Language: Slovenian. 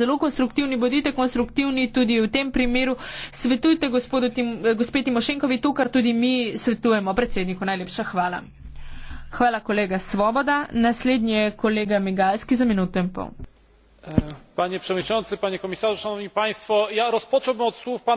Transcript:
zelo konstruktivni, bodite konstruktivni tudi v tem primeru. Svetujte Tim, eh, gospe Timošenkovi to, kar tudi mi svetujemo. Predsedniku najlepša hvala. Hvala kolega Svoboda. Naslednji je kolega Migalski za minuto in pol. Eh, panie przewodniczący, panie komisarzu, szanowni państwo, ja rozpocząłbym od słów pana